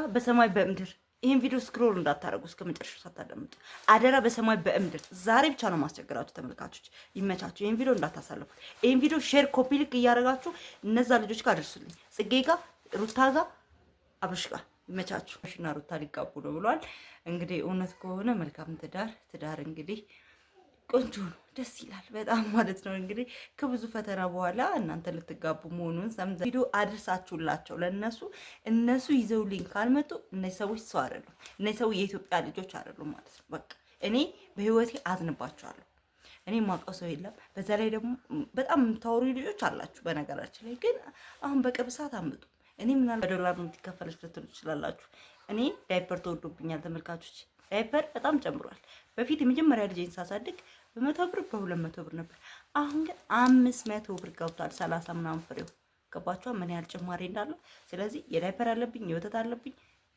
አደራ በሰማይ በምድር ይህን ቪዲዮ ስክሮል እንዳታደርጉ እስከ መጨረሻው ሳታዳምጡ፣ አደራ በሰማይ በእምድር ዛሬ ብቻ ነው ማስቸገራችሁ። ተመልካቾች ይመቻችሁ። ይህን ቪዲዮ እንዳታሳልፉ። ይህን ቪዲዮ ሼር፣ ኮፒ ልክ እያደረጋችሁ እነዛ ልጆች ጋር አደርሱልኝ። ጽጌ ጋር፣ ሩታ ጋር፣ አብርሽ ጋር ይመቻችሁ። እና ሩታ ሊጋቡ ነው ብሏል። እንግዲህ እውነት ከሆነ መልካም ትዳር ትዳር እንግዲህ ቆንጆ ነው። ደስ ይላል በጣም ማለት ነው። እንግዲህ ከብዙ ፈተና በኋላ እናንተ ልትጋቡ መሆኑን ሰምዘ ቪዲዮ አድርሳችሁላቸው ለእነሱ እነሱ ይዘውልኝ ካልመጡ እነዚህ ሰዎች ሰው አይደሉም። እነዚህ ሰዎች የኢትዮጵያ ልጆች አይደሉም ማለት ነው። በቃ እኔ በህይወቴ አዝንባቸዋለሁ። እኔ የማውቀው ሰው የለም። በዛ ላይ ደግሞ በጣም የምታወሩ ልጆች አላችሁ። በነገራችን ላይ ግን አሁን በቅርብ ሰዓት አምጡ። እኔ ምናል በዶላር ትከፈለች ልትሉ ትችላላችሁ። እኔ ዳይፐር ተወዶብኛል ተመልካቾች። ዳይፐር በጣም ጨምሯል። በፊት የመጀመሪያ ልጄን ሳሳድግ በመቶ ብር በሁለት መቶ ብር ነበር። አሁን ግን አምስት መቶ ብር ገብቷል። ሰላሳ ምናምን ፍሬው ገባችኋል? ምን ያህል ጭማሪ እንዳለው። ስለዚህ የዳይፐር አለብኝ የወተት አለብኝ።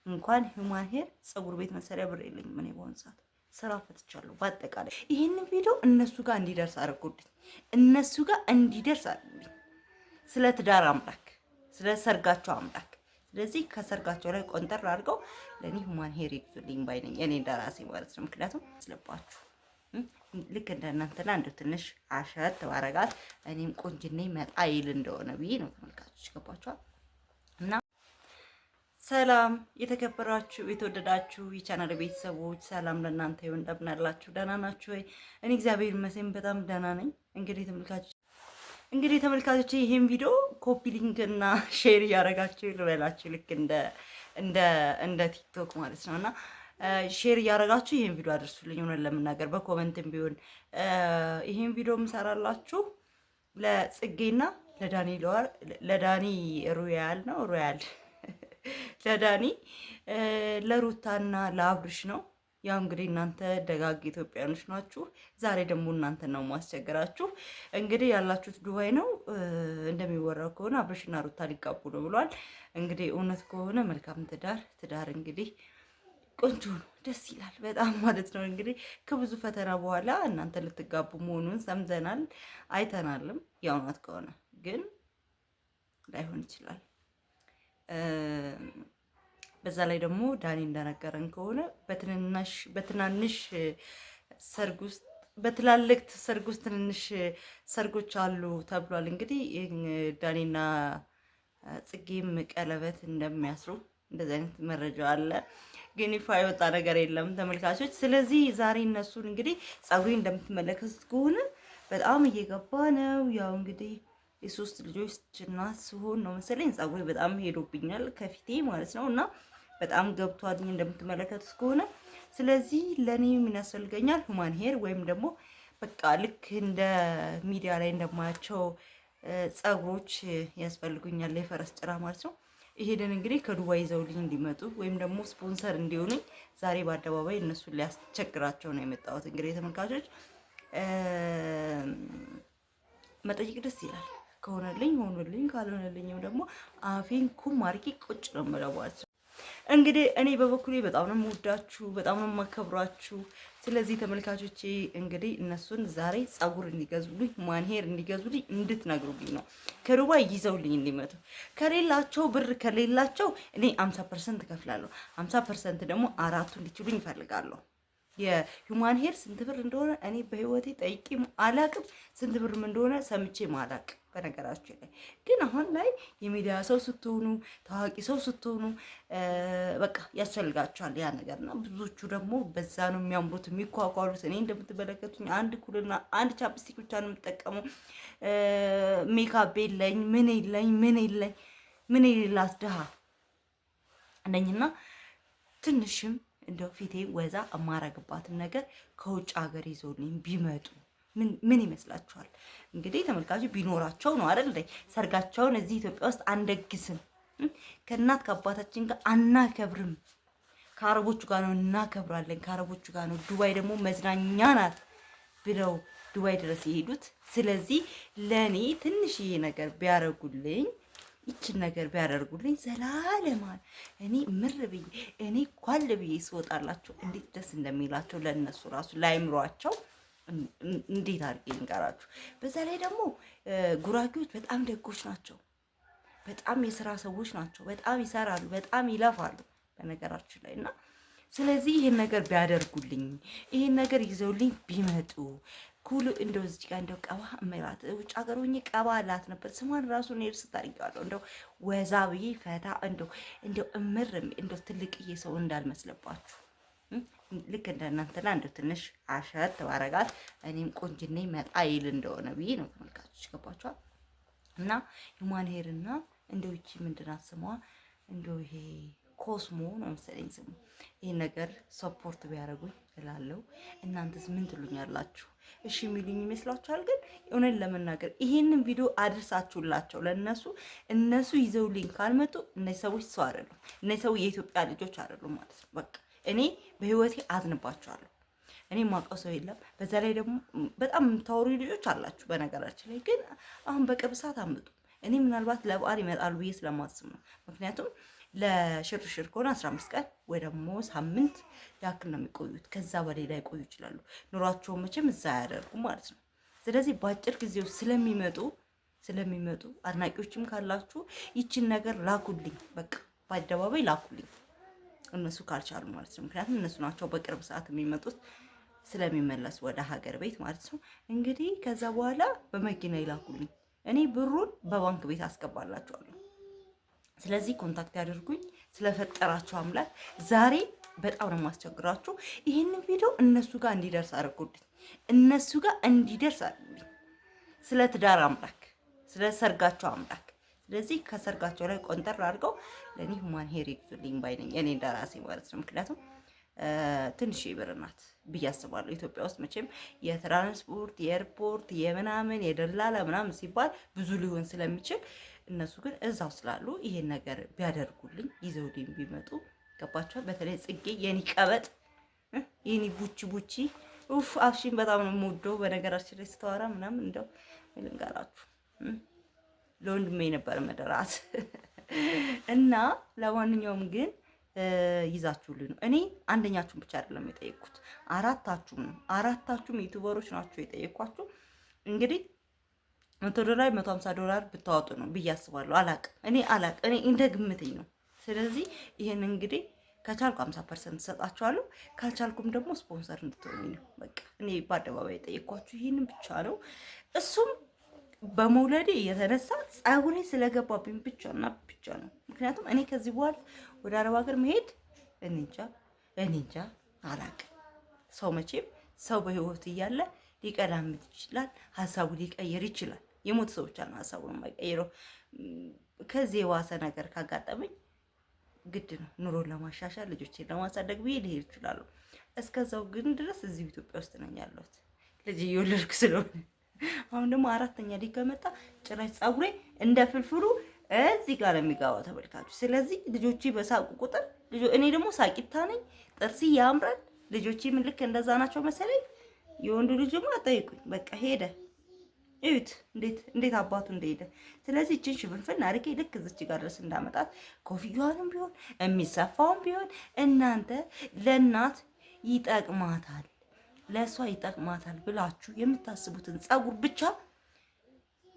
እንኳን ሂውማን ሄር ፀጉር ቤት መሰሪያ ብር የለኝም ምን በአሁኑ ሰዓት ስራ ፈትቻለሁ። በአጠቃላይ ይህን ቪዲዮ እነሱ ጋር እንዲደርስ አድርጉልኝ፣ እነሱ ጋር እንዲደርስ አድርጉልኝ። ስለ ትዳር አምላክ፣ ስለ ሰርጋቸው አምላክ። ስለዚህ ከሰርጋቸው ላይ ቆንጠር አድርገው ለእኔ ሁማን ሄር ይግዙልኝ ባይነኝ እኔ እንደራሴ ማለት ነው። ምክንያቱም ስለባችሁ ልክ እንደ እናንተና እንደ ትንሽ አሸት ተባረጋት እኔም ቆንጅኔ መጣ ይል እንደሆነ ብዬ ነው ተመልካቾች። ገባችኋል? እና ሰላም የተከበራችሁ የተወደዳችሁ የቻናል ቤተሰቦች ሰላም ለእናንተ ይሁን። እንደምን ደህና ናችሁ ወይ? እኔ እግዚአብሔር ይመስገን በጣም ደህና ነኝ። እንግዲህ ተመልካቾች እንግዲህ ተመልካቾች ይሄን ቪዲዮ ኮፒ ሊንክ እና ሼር እያደረጋችሁ ልበላችሁ ልክ እንደ እንደ እንደ ቲክቶክ ማለት ነውና ሼር እያደረጋችሁ ይህን ቪዲዮ አድርሱልኝ። ሆነን ለምናገር በኮመንትም ቢሆን ይህን ቪዲዮ ምሰራላችሁ ለጽጌና ለዳኒ ሩያል ነው ሩያል ለዳኒ ለሩታና ለአብርሽ ነው። ያው እንግዲህ እናንተ ደጋግ ኢትዮጵያኖች ናችሁ። ዛሬ ደግሞ እናንተ ነው ማስቸገራችሁ። እንግዲህ ያላችሁት ዱባይ ነው። እንደሚወራው ከሆነ አብርሽና ሩታ ሊጋቡ ነው ብሏል። እንግዲህ እውነት ከሆነ መልካም ትዳር ትዳር እንግዲህ ቆንጆ ነው፣ ደስ ይላል በጣም ማለት ነው። እንግዲህ ከብዙ ፈተና በኋላ እናንተ ልትጋቡ መሆኑን ሰምተናል አይተናልም። ያው ከሆነ ግን ላይሆን ይችላል። በዛ ላይ ደግሞ ዳኒ እንደነገረን ከሆነ በትናንሽ ሰርግ ውስጥ በትላልቅ ሰርግ ውስጥ ትንንሽ ሰርጎች አሉ ተብሏል። እንግዲህ ዳኒና ጽጌም ቀለበት እንደሚያስሩ እንደዚህ አይነት መረጃ አለ። ግን ይፋ የወጣ ነገር የለም ተመልካቾች። ስለዚህ ዛሬ እነሱን እንግዲህ ፀጉሬ እንደምትመለከቱት ከሆነ በጣም እየገባ ነው። ያው እንግዲህ የሶስት ልጆች እናት ስሆን ነው መሰለኝ ጸጉሪ በጣም ሄዶብኛል ከፊቴ ማለት ነው እና በጣም ገብቷል እንደምትመለከቱት ከሆነ ስለዚህ ለእኔ ምን ያስፈልገኛል? ሁማን ሄር ወይም ደግሞ በቃ ልክ እንደ ሚዲያ ላይ እንደማያቸው ጸጉሮች ያስፈልጉኛል፣ የፈረስ ጭራ ማለት ነው። ይሄንን እንግዲህ ከዱባይ ይዘውልኝ እንዲመጡ ወይም ደግሞ ስፖንሰር እንዲሆኑኝ ዛሬ በአደባባይ እነሱን ሊያስቸግራቸው ነው የመጣሁት። እንግዲህ ተመልካቾች መጠይቅ ደስ ይላል። ከሆነልኝ ሆኖልኝ፣ ካልሆነልኝም ደግሞ አፌን ኩም አርጌ ቁጭ ነው የምለዋቸው። እንግዲህ እኔ በበኩሌ በጣም ነው የምወዳችሁ፣ በጣም ነው የማከብራችሁ። ስለዚህ ተመልካቾቼ እንግዲህ እነሱን ዛሬ ጸጉር እንዲገዙልኝ ማንሄር እንዲገዙልኝ እንድትነግሩልኝ ነው። ከዱባይ ይዘውልኝ እንዲመጡ ከሌላቸው ብር ከሌላቸው እኔ አምሳ ፐርሰንት እከፍላለሁ። አምሳ ፐርሰንት ደግሞ አራቱ እንዲችሉኝ ይፈልጋለሁ። የሁማን ሄር ስንት ብር እንደሆነ እኔ በህይወቴ ጠይቄም አላቅም። ስንት ብርም እንደሆነ ሰምቼም አላቅም። በነገራችን ላይ ግን አሁን ላይ የሚዲያ ሰው ስትሆኑ ታዋቂ ሰው ስትሆኑ በቃ ያስፈልጋቸዋል ያ ነገር እና ብዙዎቹ ደግሞ በዛ ነው የሚያምሩት የሚኳኳሉት። እኔ እንደምትመለከቱኝ አንድ ኩልና አንድ ቻፕስቲክ ብቻ ነው የምጠቀመው። ሜካፕ የለኝ ምን የለኝ ምን የለኝ ምን የሌላት ድሃ እንደኝና ትንሽም እንደው ፊቴ ወዛ የማረግባትን ነገር ከውጭ ሀገር ይዞልኝ ቢመጡ ምን ይመስላችኋል? እንግዲህ ተመልካቹ ቢኖራቸው ነው አይደል? ሰርጋቸውን እዚህ ኢትዮጵያ ውስጥ አንደግስም፣ ከእናት ከአባታችን ጋር አናከብርም፣ ከአረቦቹ ጋር ነው እናከብራለን፣ ከአረቦቹ ጋር ነው። ዱባይ ደግሞ መዝናኛ ናት ብለው ዱባይ ድረስ የሄዱት። ስለዚህ ለእኔ ትንሽዬ ነገር ቢያደርጉልኝ ይችን ነገር ቢያደርጉልኝ ዘላለማል እኔ ምር ብዬ እኔ ኳል ብዬ ስወጣላቸው እንዴት ደስ እንደሚላቸው ለእነሱ ራሱ ላይምሯቸው እንዴት አድርጌ ልንገራችሁ? በዛ ላይ ደግሞ ጉራጌዎች በጣም ደጎች ናቸው። በጣም የስራ ሰዎች ናቸው። በጣም ይሰራሉ፣ በጣም ይለፋሉ በነገራችን ላይ እና ስለዚህ ይህን ነገር ቢያደርጉልኝ ይህን ነገር ይዘውልኝ ቢመጡ ኩሉ እንደው እዚህ ጋር እንደው ቀባ እምላት ውጭ ሀገር ሆኜ ቀባ አላት ነበር ስሟን ራሱ ኔድ ስታደርጊዋለሁ እንደው ወዛ ብዬ ፈታ እንደው እንደው እምር እንደው ትልቅዬ ሰው እንዳልመስለባችሁ ልክ እንደ እናንተና እንደ ትንሽ አሸት ባረጋት እኔም ቆንጅኔ መጣ ይል እንደሆነ ብዬ ነው። ተመልካቾች ገባችኋል? እና ሂውማንሄርና እንደው ይቺ ምንድናት ስሟ? እንደው ይሄ ኮስሞ ነው መሰለኝ ስሙ። ይህን ነገር ሰፖርት ቢያደርጉኝ እላለሁ። እናንተስ ምን ትሉኛላችሁ? እሺ የሚሉኝ ይመስላችኋል? ግን እውነት ለመናገር ይሄንን ቪዲዮ አድርሳችሁላቸው ለእነሱ እነሱ ይዘውልኝ ካልመጡ እነዚህ ሰዎች ሰው አይደሉም። እነዚህ ሰዎች የኢትዮጵያ ልጆች አይደሉም ማለት ነው በቃ እኔ በህይወቴ አዝንባቸዋለሁ። እኔ የማውቀው ሰው የለም። በዛ ላይ ደግሞ በጣም የምታወሩ ልጆች አላችሁ። በነገራችን ላይ ግን አሁን በቅርብ ሰዓት አምጡ። እኔ ምናልባት ለበዓል ይመጣሉ ብዬ ስለማስብ ነው። ምክንያቱም ለሽርሽር ከሆነ አስራ አምስት ቀን ወይ ደግሞ ሳምንት ያክል ነው የሚቆዩት። ከዛ በላይ ላይቆዩ ይችላሉ። ኑሯቸውን መቼም እዛ ያደርጉ ማለት ነው። ስለዚህ በአጭር ጊዜ ውስጥ ስለሚመጡ ስለሚመጡ አድናቂዎችም ካላችሁ ይችን ነገር ላኩልኝ፣ በቃ በአደባባይ ላኩልኝ። እነሱ ካልቻሉ ማለት ነው። ምክንያቱም እነሱ ናቸው በቅርብ ሰዓት የሚመጡት ስለሚመለሱ ወደ ሀገር ቤት ማለት ነው። እንግዲህ ከዛ በኋላ በመኪና ይላኩልኝ፣ እኔ ብሩን በባንክ ቤት አስገባላችኋለሁ። ስለዚህ ኮንታክት ያደርጉኝ። ስለፈጠራችሁ አምላክ ዛሬ በጣም ነው የማስቸግራችሁ። ይህንን ቪዲዮ እነሱ ጋር እንዲደርስ አድርጉልኝ፣ እነሱ ጋር እንዲደርስ አድርጉልኝ። ስለ ትዳር አምላክ፣ ስለ ሰርጋቸው አምላክ ስለዚህ ከሰርጋቸው ላይ ቆንጠር አድርገው ለእኔ ሁማን ሄር ይግዙልኝ ባይነኝ እኔ እንደራሴ ማለት ነው። ምክንያቱም ትንሽ ብር ናት ብዬ አስባለሁ። ኢትዮጵያ ውስጥ መቼም የትራንስፖርት የኤርፖርት የምናምን የደላላ ምናምን ሲባል ብዙ ሊሆን ስለሚችል እነሱ ግን እዛው ስላሉ ይሄን ነገር ቢያደርጉልኝ ይዘውልኝ ቢመጡ ገባቸዋል። በተለይ ጽጌ የኔ ቀበጥ የኔ ቡቺ ቡቺ ኡፍ አፍሽን በጣም ነው የምወደው። በነገራችን ላይ ስተዋራ ምናምን እንደው ልንገራችሁ ለወንድሜ ነበር መደራት እና ለማንኛውም ግን ይዛችሁልኝ ነው። እኔ አንደኛችሁን ብቻ አይደለም የጠየቅኩት አራታችሁም ነው። አራታችሁም ዩቱበሮች ናችሁ የጠየቅኳችሁ። እንግዲህ መቶ ዶላር መቶ ሀምሳ ዶላር ብታወጡ ነው ብዬ አስባለሁ። አላቅም እኔ አላቅም እኔ እንደ ግምትኝ ነው። ስለዚህ ይህን እንግዲህ ከቻልኩ ሀምሳ ፐርሰንት እሰጣችኋለሁ ካልቻልኩም ደግሞ ስፖንሰር እንድትሆኑ ነው። በቃ እኔ በአደባባይ የጠየቅኳችሁ ይህንን ብቻ ነው እሱም በመውለዴ የተነሳ ፀጉሬ ስለገባብኝ ብቻ ብቻ ነው። ምክንያቱም እኔ ከዚህ በኋላ ወደ አረብ ሀገር መሄድ እኔ እንጃ እኔ እንጃ አላቅም። ሰው መቼም ሰው በህይወት እያለ ሊቀላምድ ይችላል፣ ሀሳቡ ሊቀየር ይችላል። የሞት ሰው ብቻ ነው ሀሳቡን የማይቀይረው። ከዚህ የዋሰ ነገር ካጋጠመኝ ግድ ነው ኑሮን ለማሻሻል ልጆቼን ለማሳደግ ብዬ ልሄድ ይችላሉ። እስከዛው ግን ድረስ እዚሁ ኢትዮጵያ ውስጥ ነኝ ያለሁት ልጅ እየወለድኩ ስለሆነ አሁን ደግሞ አራተኛ ዲግ ከመጣ ጭራሽ ፀጉሬ እንደ ፍልፍሉ እዚህ ጋር ነው የሚጋባው ስለዚህ ልጆች በሳቁ ቁጥር እኔ ደግሞ ሳቂታ ነኝ፣ ጥርሲ ያምራል። ልጆችም ምን ልክ እንደዛ ናቸው መሰለኝ። የወንዱ ልጅማ አጠይቁኝ፣ በቃ ሄደ። እዩት እንዴት እንዴት አባቱ እንደሄደ። ስለዚህ እችን ሽፍንፍን አድርጌ ልክ እዚች ጋር ድረስ እንዳመጣት ኮፍያዋንም ቢሆን የሚሰፋውም ቢሆን እናንተ ለእናት ይጠቅማታል። ለእሷ ይጠቅማታል ብላችሁ የምታስቡትን ጸጉር ብቻ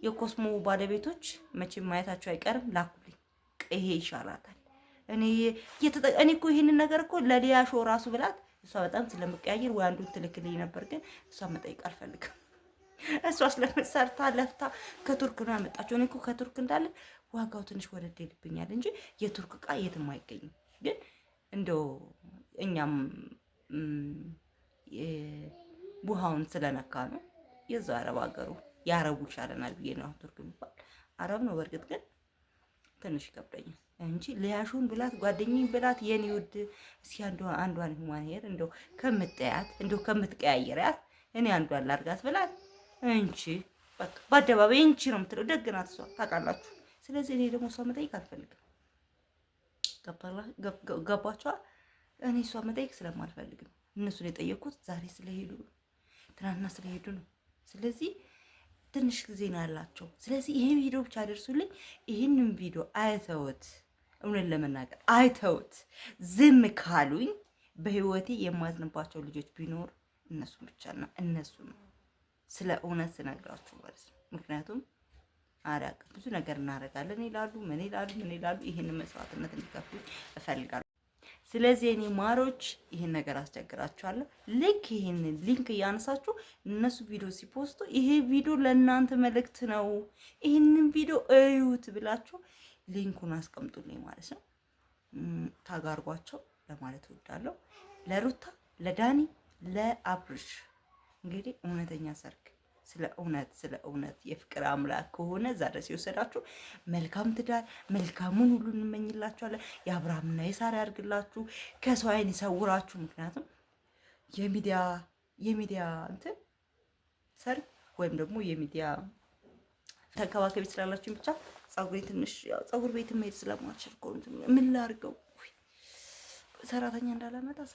የኮስሞ ባለቤቶች መቼም ማየታቸው አይቀርም። ላኩልኝ፣ ይሄ ይሻላታል። እኔ እኮ ይህንን ነገር እኮ ለሊያ ሾ ራሱ ብላት እሷ በጣም ስለምቀያየር ወይ አንዱን ትልክልኝ ነበር፣ ግን እሷ መጠይቅ አልፈልግም። እሷ ስለምሰርታ ለፍታ ከቱርክ ነው ያመጣቸው። እኔ እኮ ከቱርክ እንዳለ ዋጋው ትንሽ ወደድ ይልብኛል እንጂ የቱርክ እቃ የትም አይገኝም። ግን እንደው እኛም ውሃውን ስለነካ ነው። የዛው አረብ ሀገሩ የአረቡ ይሻለናል ብዬ ነው። ቱርክ የሚባል አረብ ነው። በእርግጥ ግን ትንሽ ይከብደኛል እንጂ ሊያሹን ብላት ጓደኝኝ ብላት የኔ ውድ እስኪ አንዷን ሁማን ሄድ እንደው ከምትጠያት እንደው ከምትቀያየሪያት እኔ አንዷን ላርጋት ብላት እንቺ በቃ በአደባባይ እንቺ ነው የምትለው። ደግ ናት እሷ ታውቃላችሁ። ስለዚህ እኔ ደግሞ እሷ መጠይቅ አልፈልግም። ገባችኋ? እኔ እሷ መጠይቅ ስለማልፈልግም ነው። እነሱን የጠየኩት ዛሬ ስለሄዱ ነው፣ ትናንትና ስለሄዱ ነው። ስለዚህ ትንሽ ጊዜ ነው ያላቸው። ስለዚህ ይሄን ቪዲዮ ብቻ አደርሱልኝ። ይህንን ቪዲዮ አይተውት እውነት ለመናገር አይተውት ዝም ካሉኝ በህይወቴ የማዝንባቸው ልጆች ቢኖር እነሱ ብቻና እነሱ ነው። ስለ እውነት ስነግራችሁ ማለት ነው። ምክንያቱም አሪያ ብዙ ነገር እናደርጋለን ይላሉ፣ ምን ይላሉ፣ ምን ይላሉ። ይህን መስዋዕትነት እንዲከፍሉ እፈልጋለሁ። ስለዚህ እኔ ማሮች ይህን ነገር አስቸግራችኋለሁ። ልክ ይህን ሊንክ እያነሳችሁ እነሱ ቪዲዮ ሲፖስቱ ይሄ ቪዲዮ ለእናንተ መልእክት ነው፣ ይህንን ቪዲዮ እዩት ብላችሁ ሊንኩን አስቀምጡልኝ ማለት ነው። ታጋርጓቸው ለማለት እወዳለሁ። ለሩታ፣ ለዳኒ፣ ለአብርሽ እንግዲህ እውነተኛ ሰርግ ስለ እውነት ስለ እውነት የፍቅር አምላክ ከሆነ እዛ ድረስ የወሰዳችሁ መልካም ትዳር መልካሙን ሁሉ እንመኝላችኋለን። የአብርሃምና የሳራ ያድርግላችሁ፣ ከሰው አይን ይሰውራችሁ። ምክንያቱም የሚዲያ የሚዲያ እንትን ሰርግ ወይም ደግሞ የሚዲያ ተንከባከቢ ስላላችሁኝ ብቻ ጸጉሬ ትንሽ ጸጉር ቤት መሄድ ስለማልችል ምን ላድርገው ሰራተኛ እንዳለመጣ